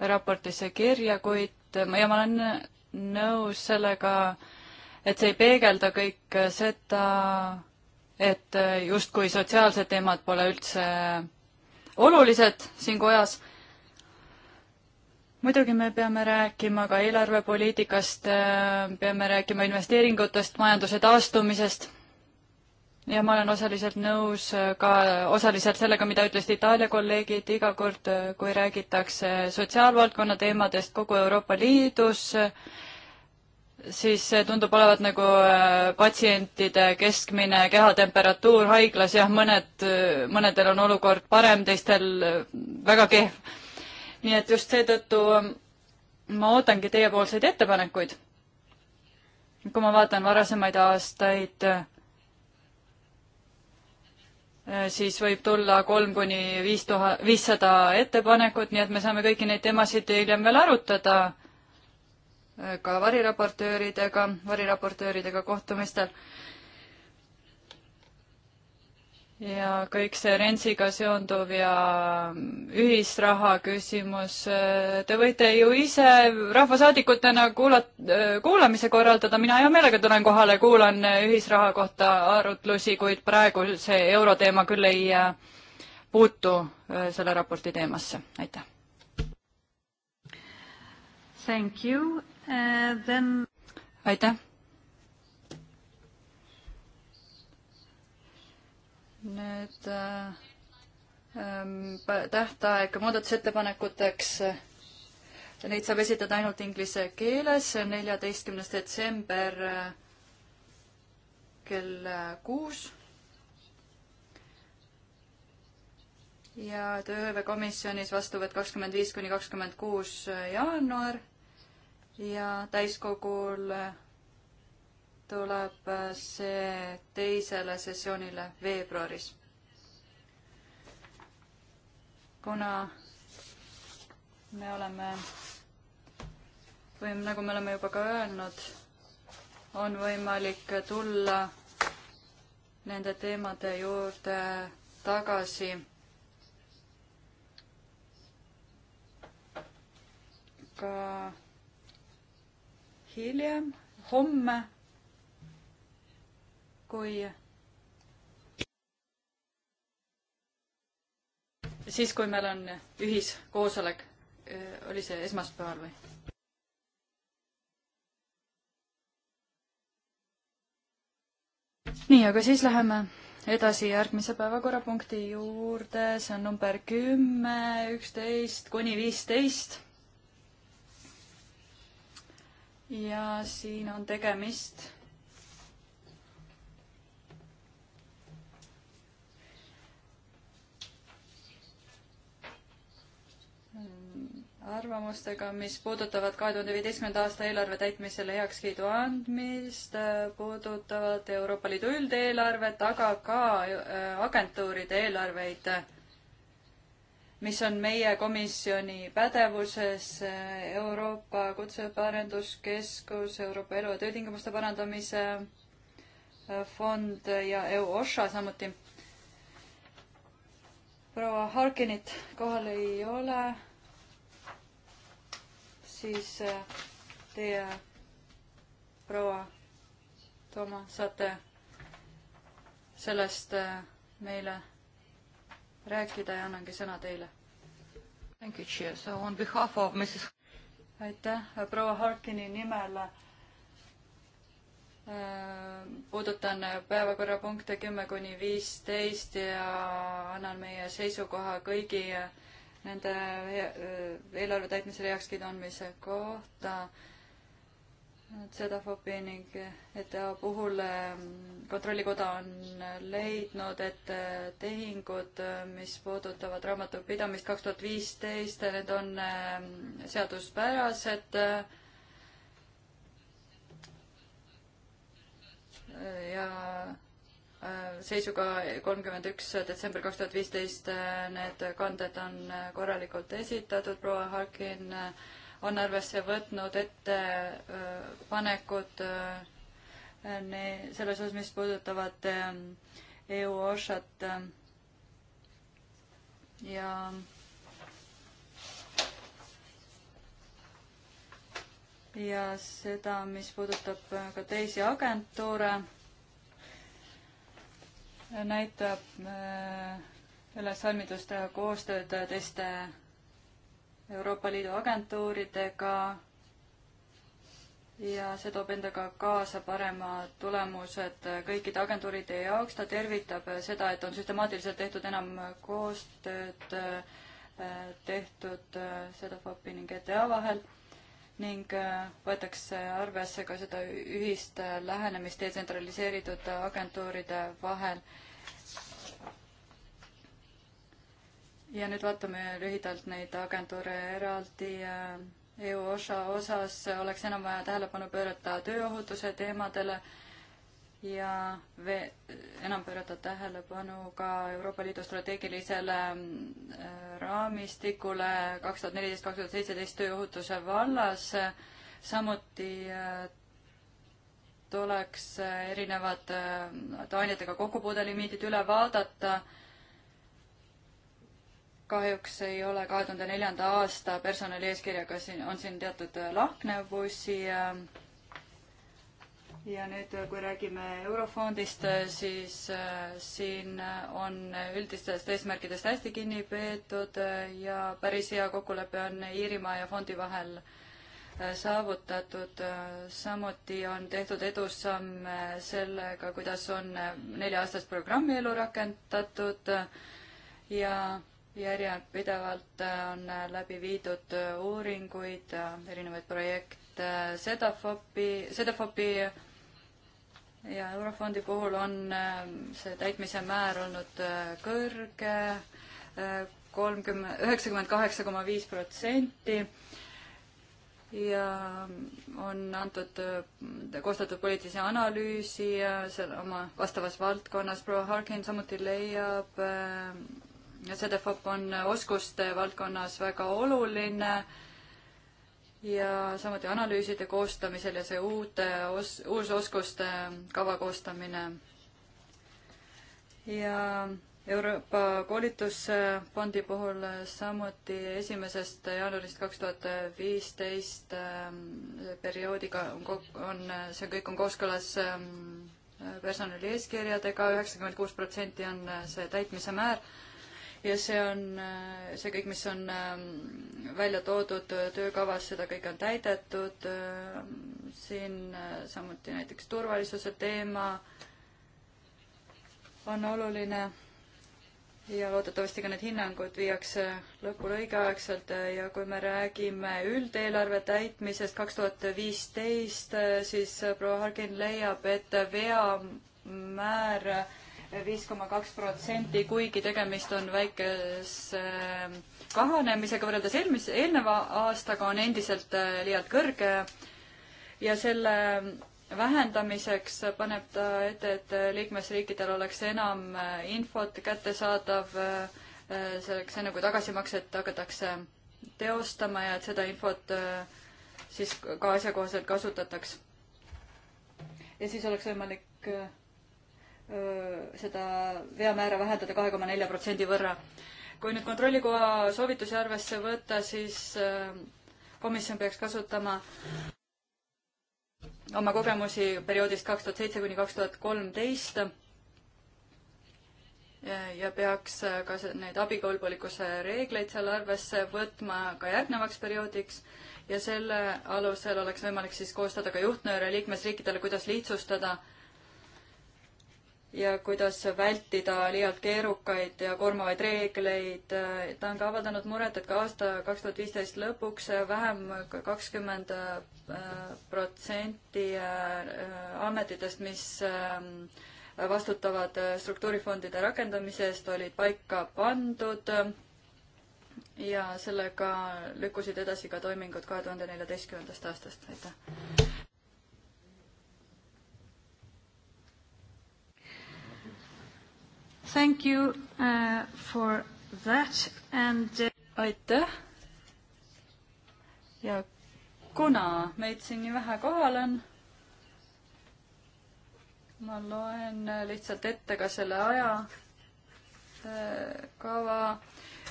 raportisse kirja, kuid ja ma olen nõus sellega, et see ei peegelda kõik seda, et justkui sotsiaalsed teemad pole üldse olulised siin kojas muidugi me peame rääkima ka eelarvepoliitikast, äh, peame rääkima investeeringutest, majanduse taastumisest. ja ma olen osaliselt nõus äh, ka osaliselt sellega, mida ütlesid Itaalia kolleegid, iga kord, äh, kui räägitakse sotsiaalvaldkonna teemadest kogu Euroopa Liidus, siis see tundub olevat nagu patsientide keskmine kehatemperatuur haiglas, jah, mõned, mõnedel on olukord parem, teistel väga kehv nii et just seetõttu ma ootangi teiepoolseid ettepanekuid. kui ma vaatan varasemaid aastaid, siis võib tulla kolm kuni viis tuhat, viissada ettepanekut, nii et me saame kõiki neid teemasid hiljem veel arutada ka variraportööridega, variraportööridega kohtumistel ja kõik see Rensiga seonduv ja mm, ühisraha küsimus, äh, te võite ju ise rahvasaadikutena kuula-, äh, kuulamise korraldada, mina hea meelega tulen kohale, kuulan äh, ühisraha kohta arutlusi, kuid praegu see euroteema küll ei puutu selle raporti teemasse, aitäh. Thank you uh,, then aitäh nüüd ähm, tähtaeg muudatusettepanekuteks. Neid saab esitada ainult inglise keeles, neljateistkümnes detsember äh, kell äh, kuus. ja tööhõivekomisjonis vastuvõtt kakskümmend viis kuni kakskümmend kuus äh, jaanuar ja täiskogul tuleb äh, see teisele sessioonile veebruaris. kuna me oleme või nagu me oleme juba ka öelnud, on võimalik tulla nende teemade juurde tagasi ka hiljem, homme kui siis, kui meil on ühiskoosolek, oli see esmaspäeval või? nii, aga siis läheme edasi järgmise päevakorrapunkti juurde, see on number kümme, üksteist kuni viisteist. ja siin on tegemist arvamustega, mis puudutavad kahe tuhande viieteistkümnenda aasta eelarve täitmisele heakskiidu andmist, puudutavad Euroopa Liidu üldeelarvet, aga ka äh, agentuuride eelarveid, mis on meie komisjoni pädevuses, äh, Euroopa Kutseõppe Arenduskeskus, Euroopa Elu- ja Töötingimuste Parandamise äh, Fond ja EU-OSHA samuti. proua Harkinit kohal ei ole siis äh, teie, proua Tooma, saate sellest äh, meile rääkida ja annangi sõna teile. aitäh, äh, proua Harkini nimel puudutan päevakorrapunkte kümme kuni viisteist ja annan meie seisukoha kõigi äh, nende eh, eh, eelarve täitmisele heakskiidu andmise kohta. Cedafopi ning ETA puhul eh, kontrollikoda on leidnud, et tehingud, mis puudutavad raamatupidamist kaks tuhat viisteist, need on seaduspärased ja seisuga kolmkümmend üks detsember kaks tuhat viisteist äh, need kanded on äh, korralikult esitatud, proua Harkin äh, on arvesse võtnud ettepanekud selles osas, mis puudutavad EU OSHA-t ja ja seda, mis puudutab ka teisi agentuure näitab äh, üles valmidust teha koostööd teiste Euroopa Liidu agentuuridega ja see toob endaga kaasa paremad tulemused kõikide agentuuride jaoks. ta tervitab seda, et on süstemaatiliselt tehtud enam koostööd, äh, tehtud CEDAFOP-i äh, ning ETA vahel ning äh, võetakse arvesse ka seda ühist äh, lähenemist detsentraliseeritud agentuuride vahel. ja nüüd vaatame lühidalt neid agentuure eraldi. Äh, EU osa osas oleks enam vaja tähelepanu pöörata tööohutuse teemadele ja enam pöörata tähelepanu ka Euroopa Liidu strateegilisele äh, raamistikule kaks tuhat neliteist, kaks tuhat seitseteist tööohutuse vallas. samuti tuleks erinevad äh, ainetega kokkupuudelimiidid üle vaadata. kahjuks ei ole kahe tuhande neljanda aasta personalieeskirjaga siin, on siin teatud äh, lahknevusi ja nüüd, kui räägime Eurofondist, äh, siis äh, siin äh, on üldistest eesmärkidest hästi kinni peetud ja päris hea kokkulepe on Iirimaa ja fondi vahel saavutatud. samuti on tehtud edusamme sellega, kuidas on nelja-aastast programmi elu rakendatud ja järjepidevalt on läbi viidud uuringuid, erinevaid projekte, Sedafopi, Sedafopi ja Eurofondi puhul on ähm, see täitmise määr olnud äh, kõrge, äh, kolmkümmend, üheksakümmend kaheksa koma viis protsenti ja ähm, on antud, äh, koostatud poliitilise analüüsi ja seal oma vastavas valdkonnas proua Harkin samuti leiab, CDFOP on oskuste valdkonnas väga oluline ja samuti analüüside koostamisel ja see uute os-, uusoskuste ähm, kava koostamine. ja Euroopa koolitusfondi puhul äh, samuti esimesest jaanuarist kaks tuhat viisteist ähm, perioodiga on, on, äh, see kõik on kooskõlas ähm, personali eeskirjadega, üheksakümmend kuus protsenti on äh, see täitmise määr ja see on äh, see kõik, mis on ähm, välja toodud äh, töökavas, seda kõike on täidetud. Äh, siin samuti näiteks turvalisuse teema on oluline ja loodetavasti ka need hinnangud viiakse lõpule õigeaegselt ja kui me räägime üldeelarve täitmisest kaks tuhat viisteist, siis proua Hargin leiab, et veamäär viis koma kaks protsenti, kuigi tegemist on väikese ähm, kahanemisega võrreldes eelmise, eelneva aastaga on endiselt äh, liialt kõrge ja selle ähm, vähendamiseks paneb ta ette, et äh, liikmesriikidel oleks enam äh, infot kättesaadav selleks, enne kui tagasimakset hakatakse teostama ja et seda infot siis ka asjakohaselt kasutataks. ja siis oleks võimalik seda veamäära vähendada kahe koma nelja protsendi võrra. kui nüüd kontrollikoja soovitusi arvesse võtta, siis komisjon peaks kasutama oma kogemusi perioodist kaks tuhat seitse kuni kaks tuhat kolmteist ja peaks ka neid abikõlbulikkuse reegleid seal arvesse võtma ka järgnevaks perioodiks ja selle alusel oleks võimalik siis koostada ka juhtnööre liikmesriikidele, kuidas lihtsustada äh, ja kuidas vältida liialt keerukaid ja koormavaid reegleid. ta on ka avaldanud muret, et ka aasta kaks tuhat viisteist lõpuks vähem kui kakskümmend äh, protsenti äh, ametitest, mis ähm, vastutavad äh, struktuurifondide rakendamise eest, olid paika pandud ja sellega lükkusid edasi ka toimingud kahe tuhande neljateistkümnendast aastast, aitäh. Thank you uh, for that and uh... aitäh. ja kuna meid siin nii vähe kohal on, ma loen lihtsalt ette ka selle aja äh, kava.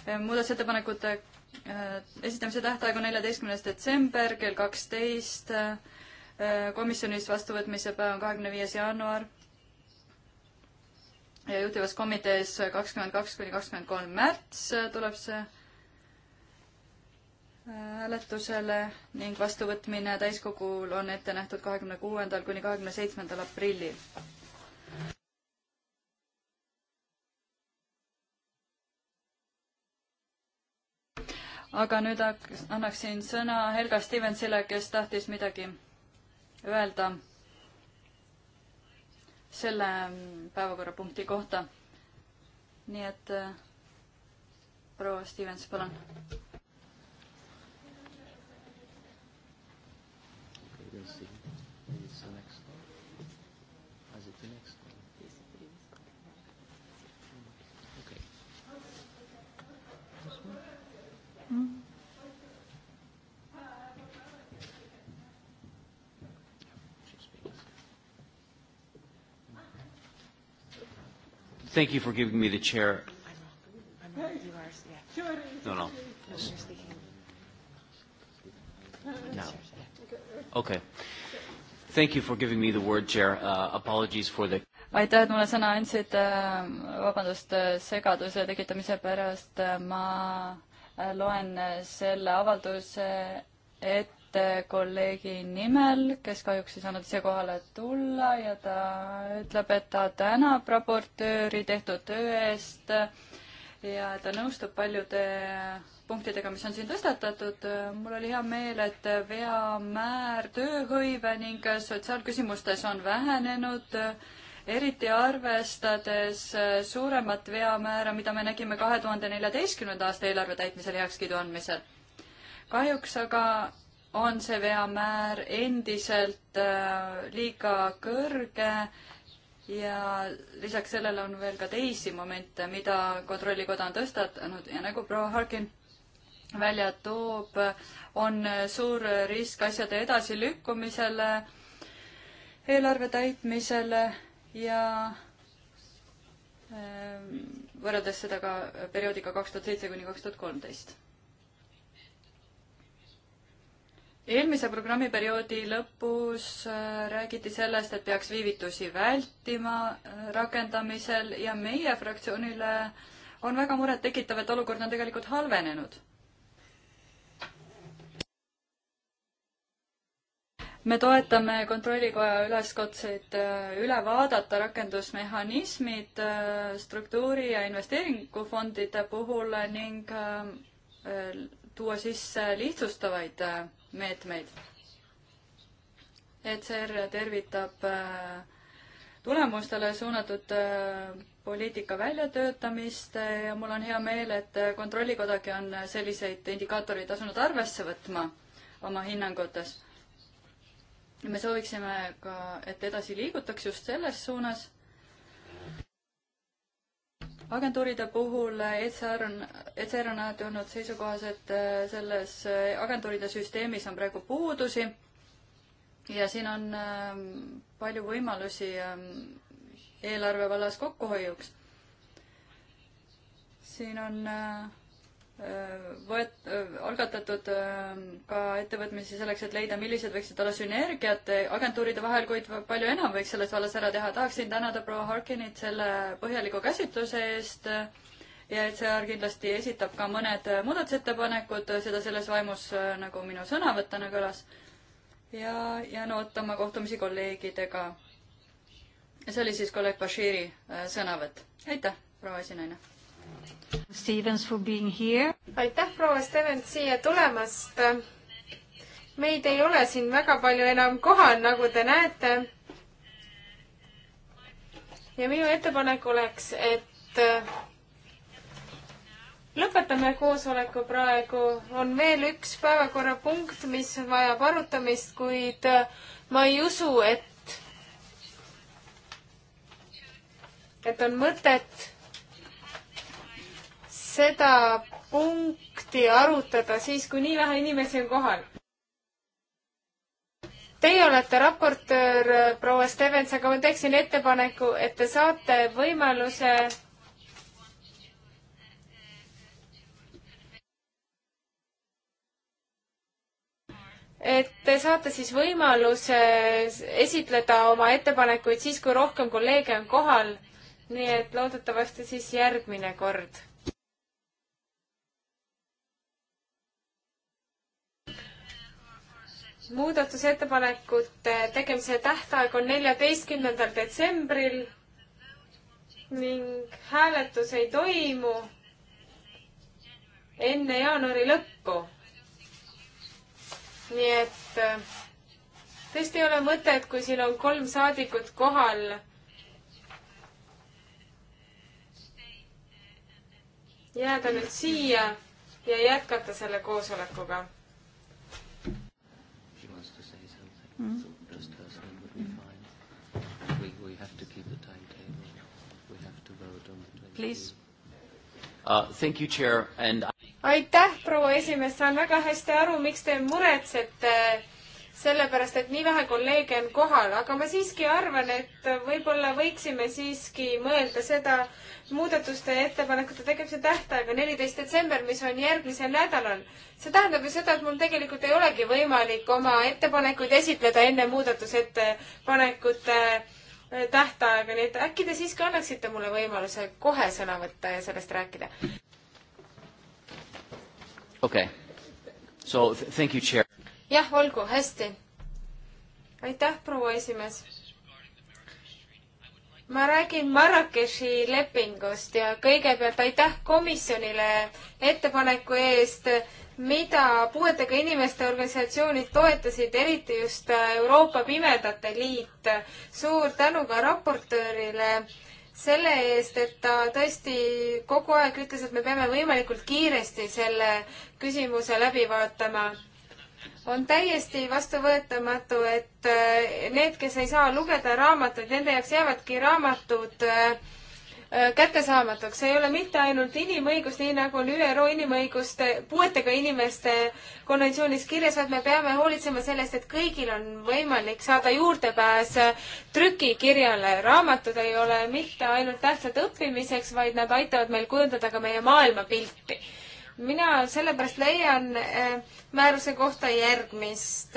Äh, muudatusettepanekute äh, esitamise tähtaeg on neljateistkümnes detsember kell kaksteist. komisjonis vastuvõtmise päev on kahekümne viies jaanuar juhtivas komitees kakskümmend kaks kuni kakskümmend kolm märts tuleb see äh, hääletusele ning vastuvõtmine täiskogul on ette nähtud kahekümne kuuendal kuni kahekümne seitsmendal aprillil. aga nüüd annaksin sõna Helga Stevensile, kes tahtis midagi öelda selle päevakorrapunkti kohta. nii et äh, proua Stevens, palun. Yes. Thank you for giving me the chair. I'm not, I'm not, you are, yeah. No, no. No. Okay. Thank you for giving me the word, chair. Uh, apologies for the aitäh, et mulle sõna andsid, äh, vabandust äh, segaduse tekitamise pärast, äh, ma loen selle avalduse ette Brite kolleegi nimel, kes kahjuks ei saanud ise kohale tulla ja ta ütleb, et ta tänab raportööri tehtud töö eest ja ta nõustub paljude punktidega, mis on siin tõstatatud. mul oli hea meel, et veamäär tööhõive ning sotsiaalküsimustes on vähenenud, eriti arvestades suuremat veamäära, mida me nägime kahe tuhande neljateistkümnenda aasta eelarve täitmisel heakskiidu andmisel. kahjuks aga on see veamäär endiselt äh, liiga kõrge ja lisaks sellele on veel ka teisi momente, mida Kontrollikoda on tõstatanud ja nagu proua Harkin välja toob, on suur risk asjade edasilükkumisele, eelarve täitmisele ja ähm, võrreldes seda ka perioodiga kaks tuhat seitse kuni kaks tuhat kolmteist eelmise programmiperioodi lõpus äh, räägiti sellest, et peaks viivitusi vältima äh, rakendamisel ja meie fraktsioonile on väga murettekitav, et olukord on tegelikult halvenenud. me toetame Kontrollikoja üleskutseid äh, üle vaadata rakendusmehhanismid struktuuri- ja investeeringufondide puhul ning tuua sisse lihtsustavaid meetmeid. ECR tervitab äh, tulemustele suunatud äh, poliitika väljatöötamist äh, ja mul on hea meel, et Kontrollikodagi on selliseid indikaatoreid asunud arvesse võtma oma hinnangutes. me sooviksime ka, et edasi liigutaks just selles suunas agentuuride puhul ECR on, ECR on alati olnud seisukohas, et äh, selles äh, agentuuride süsteemis on praegu puudusi ja siin on ähm, palju võimalusi ähm, eelarve vallas kokkuhoiuks. siin on äh, võet-, algatatud ähm, ka ettevõtmisi selleks, et leida, millised võiksid olla sünergiad agentuuride vahel, kuid palju enam võiks selles vallas ära teha. tahaksin tänada proua Harkinit selle põhjaliku käsitluse eest ja et see kindlasti esitab ka mõned muudatusettepanekud, seda selles vaimus, äh, nagu minu sõnavõttena kõlas. ja jään ootama kohtumisi kolleegidega. see oli siis kolleeg Bashiri äh, sõnavõtt. aitäh, proua esinaine! Stevens for being here. aitäh, proua Stevens, siia tulemast. meid ei ole siin väga palju enam kohal, nagu te näete. ja minu ettepanek oleks, et lõpetame koosoleku praegu. on veel üks päevakorrapunkt, mis vajab arutamist, kuid ma ei usu, et, et on mõtet seda punkti arutada siis, kui nii vähe inimesi on kohal. Teie olete raportöör, proua Stevens, aga ma teeksin ettepaneku, et te saate võimaluse et te saate siis võimaluse esitleda oma ettepanekuid siis, kui rohkem kolleege on kohal. nii et loodetavasti siis järgmine kord muudatusettepanekute tegemise tähtaeg on neljateistkümnendal detsembril ning hääletus ei toimu enne jaanuari lõppu. nii et äh, tõesti ei ole mõtet, kui siin on kolm saadikut kohal. jääda nüüd siia ja jätkata selle koosolekuga Mm. Just her thing would be fine. We, we have to keep the timetable. We have to vote on the 20. Please. Uh, thank you, Chair, and aitäh, proua esimees, saan väga hästi aru, miks te muretsete äh, sellepärast et nii vähe kolleege on kohal, aga ma siiski arvan, et võib-olla võiksime siiski mõelda seda muudatuste ettepanekute tegemise tähtaega, neliteist detsember, mis on järgmisel nädalal. see tähendab ju seda, et mul tegelikult ei olegi võimalik oma ettepanekuid esitleda enne muudatusettepanekute äh, tähtaega, nii et äkki te siiski annaksite mulle võimaluse kohe sõna võtta ja sellest rääkida? okei okay., so thank you, chair jah, olgu, hästi. aitäh, proua esimees. ma räägin Marrakechi lepingust ja kõigepealt aitäh komisjonile ettepaneku eest, mida puuetega inimeste organisatsioonid toetasid, eriti just Euroopa Pimedate Liit. suur tänu ka raportöörile selle eest, et ta tõesti kogu aeg ütles, et me peame võimalikult kiiresti selle küsimuse läbi vaatama on täiesti vastuvõetamatu, et äh, need, kes ei saa lugeda raamatuid, nende jaoks jäävadki raamatud äh, äh, kättesaamatuks. see ei ole mitte ainult inimõigus, nii nagu on ÜRO inimõiguste, puuetega inimeste konventsioonis kirjas, vaid me peame hoolitsema sellest, et kõigil on võimalik saada juurdepääs trükikirjale. raamatud ei ole mitte ainult tähtsad õppimiseks, vaid nad aitavad meil kujundada ka meie maailmapilti mina sellepärast leian äh, määruse kohta järgmist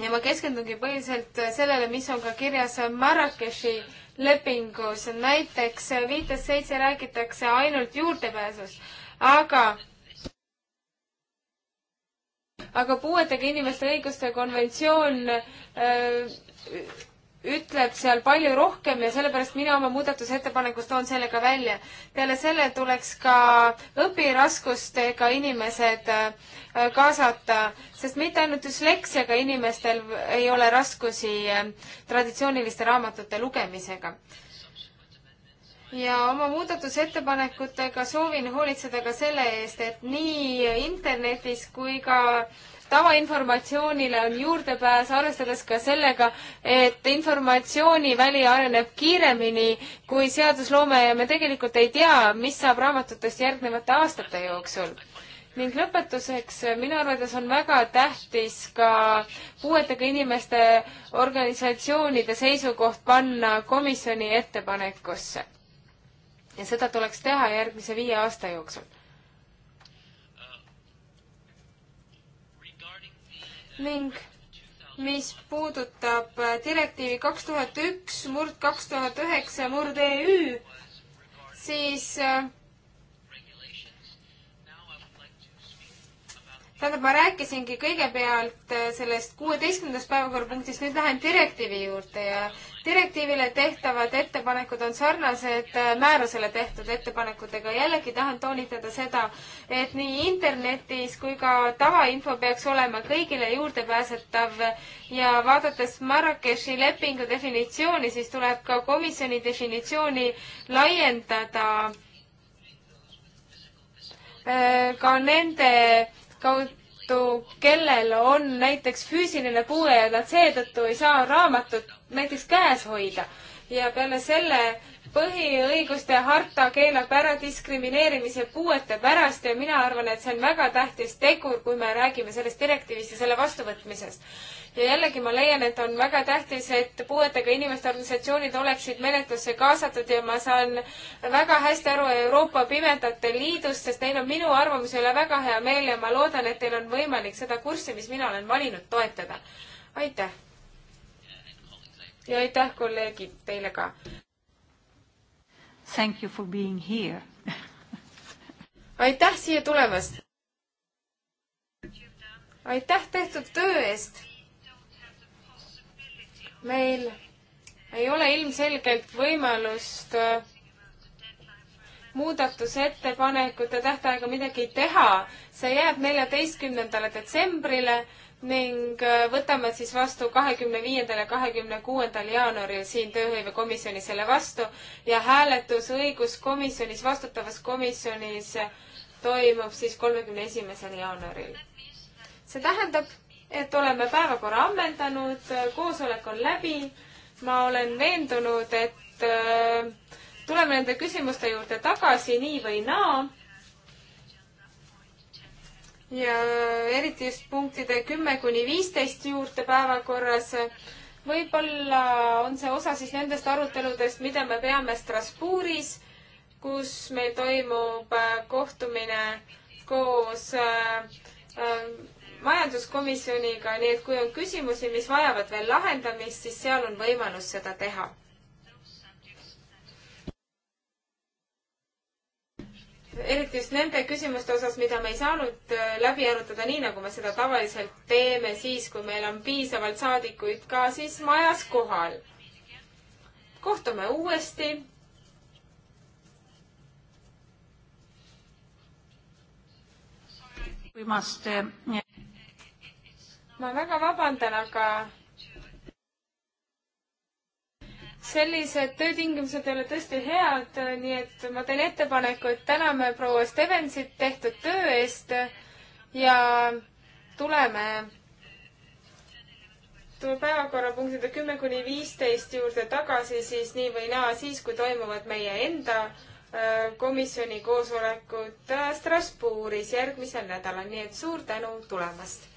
ja ma keskendungi põhiliselt sellele, mis on ka kirjas Marrakechi lepingus. näiteks viites seitse räägitakse ainult juurdepääsust, aga aga puuetega inimeste õiguste konventsioon öö, äh, ütleb seal palju rohkem ja sellepärast mina oma muudatusettepanekus toon selle ka välja. peale selle tuleks ka õpiraskustega inimesed äh, kaasata, sest mitte ainult düsleksiaga inimestel ei ole raskusi äh, traditsiooniliste raamatute lugemisega ja oma muudatusettepanekutega soovin hoolitseda ka selle eest, et nii internetis kui ka äh, tavainformatsioonile on juurdepääs, arvestades ka sellega, et informatsiooniväli areneb kiiremini kui seadusloome ja me tegelikult ei tea, mis saab raamatutest järgnevate aastate jooksul. ning lõpetuseks, minu arvates on väga tähtis ka puuetega inimeste organisatsioonide seisukoht panna komisjoni ettepanekusse. ja seda tuleks teha järgmise viie aasta jooksul ning mis puudutab äh, direktiivi kaks tuhat üks murd kaks tuhat üheksa murd EÜ, siis äh, tähendab, ma rääkisingi kõigepealt äh, sellest kuueteistkümnendast päevakorrapunktist, nüüd lähen direktiivi juurde ja direktiivile tehtavad ettepanekud on sarnased äh, määrusele tehtud ettepanekutega. jällegi tahan toonitada seda, et nii internetis kui ka tavainfo peaks olema kõigile juurdepääsetav ja vaadates Marrakechi lepingu definitsiooni, siis tuleb ka komisjoni definitsiooni laiendada äh, ka nende kaudu tõttu, kellel on näiteks füüsiline puue ja nad seetõttu ei saa raamatut näiteks käes hoida. ja peale selle põhiõiguste harta keelab ära diskrimineerimise puuete pärast ja mina arvan, et see on väga tähtis tegur, kui me räägime sellest direktiivist ja selle vastuvõtmisest. ja jällegi ma leian, et on väga tähtis, et puuetega inimeste organisatsioonid oleksid menetlusse kaasatud ja ma saan väga hästi aru Euroopa Pimedate Liidust, sest neil on minu arvamuse üle väga hea meel ja ma loodan, et teil on võimalik seda kurssi, mis mina olen valinud, toetada. aitäh! ja aitäh, kolleegid, teile ka! Thank you for being here aitäh siia tulemast! aitäh tehtud töö eest! meil ei ole ilmselgelt võimalust äh, muudatusettepanekute tähtaega midagi teha, see jääb neljateistkümnendale detsembrile ning äh, võtame siis vastu kahekümne viiendal ja kahekümne kuuendal jaanuaril siin tööhõivekomisjonis selle vastu ja hääletus õiguskomisjonis, vastutavas komisjonis toimub siis kolmekümne esimesel jaanuaril. see tähendab, et oleme päevakorra ammendanud, koosolek on läbi. ma olen veendunud, et äh, tuleme nende küsimuste juurde tagasi nii või naa ja eriti just punktide kümme kuni viisteist juurde päevakorras. võib-olla on see osa siis nendest aruteludest, mida me peame Strasbourgis, kus meil toimub äh, kohtumine koos äh, äh, majanduskomisjoniga, nii et kui on küsimusi, mis vajavad veel lahendamist, siis seal on võimalus seda teha. eriti just nende küsimuste osas, mida me ei saanud äh, läbi arutada nii, nagu me seda tavaliselt teeme siis, kui meil on piisavalt saadikuid ka siis majas kohal. kohtume uuesti. Äh, ma väga vabandan, aga sellised töötingimused ei ole tõesti head, nii et ma teen ettepaneku, et täname proua Stevensit tehtud töö eest ja tuleme päevakorrapunktide kümme kuni viisteist juurde tagasi siis nii või naa, siis kui toimuvad meie enda äh, komisjoni koosolekud äh, Strasbourgis järgmisel nädalal, nii et suur tänu tulemast!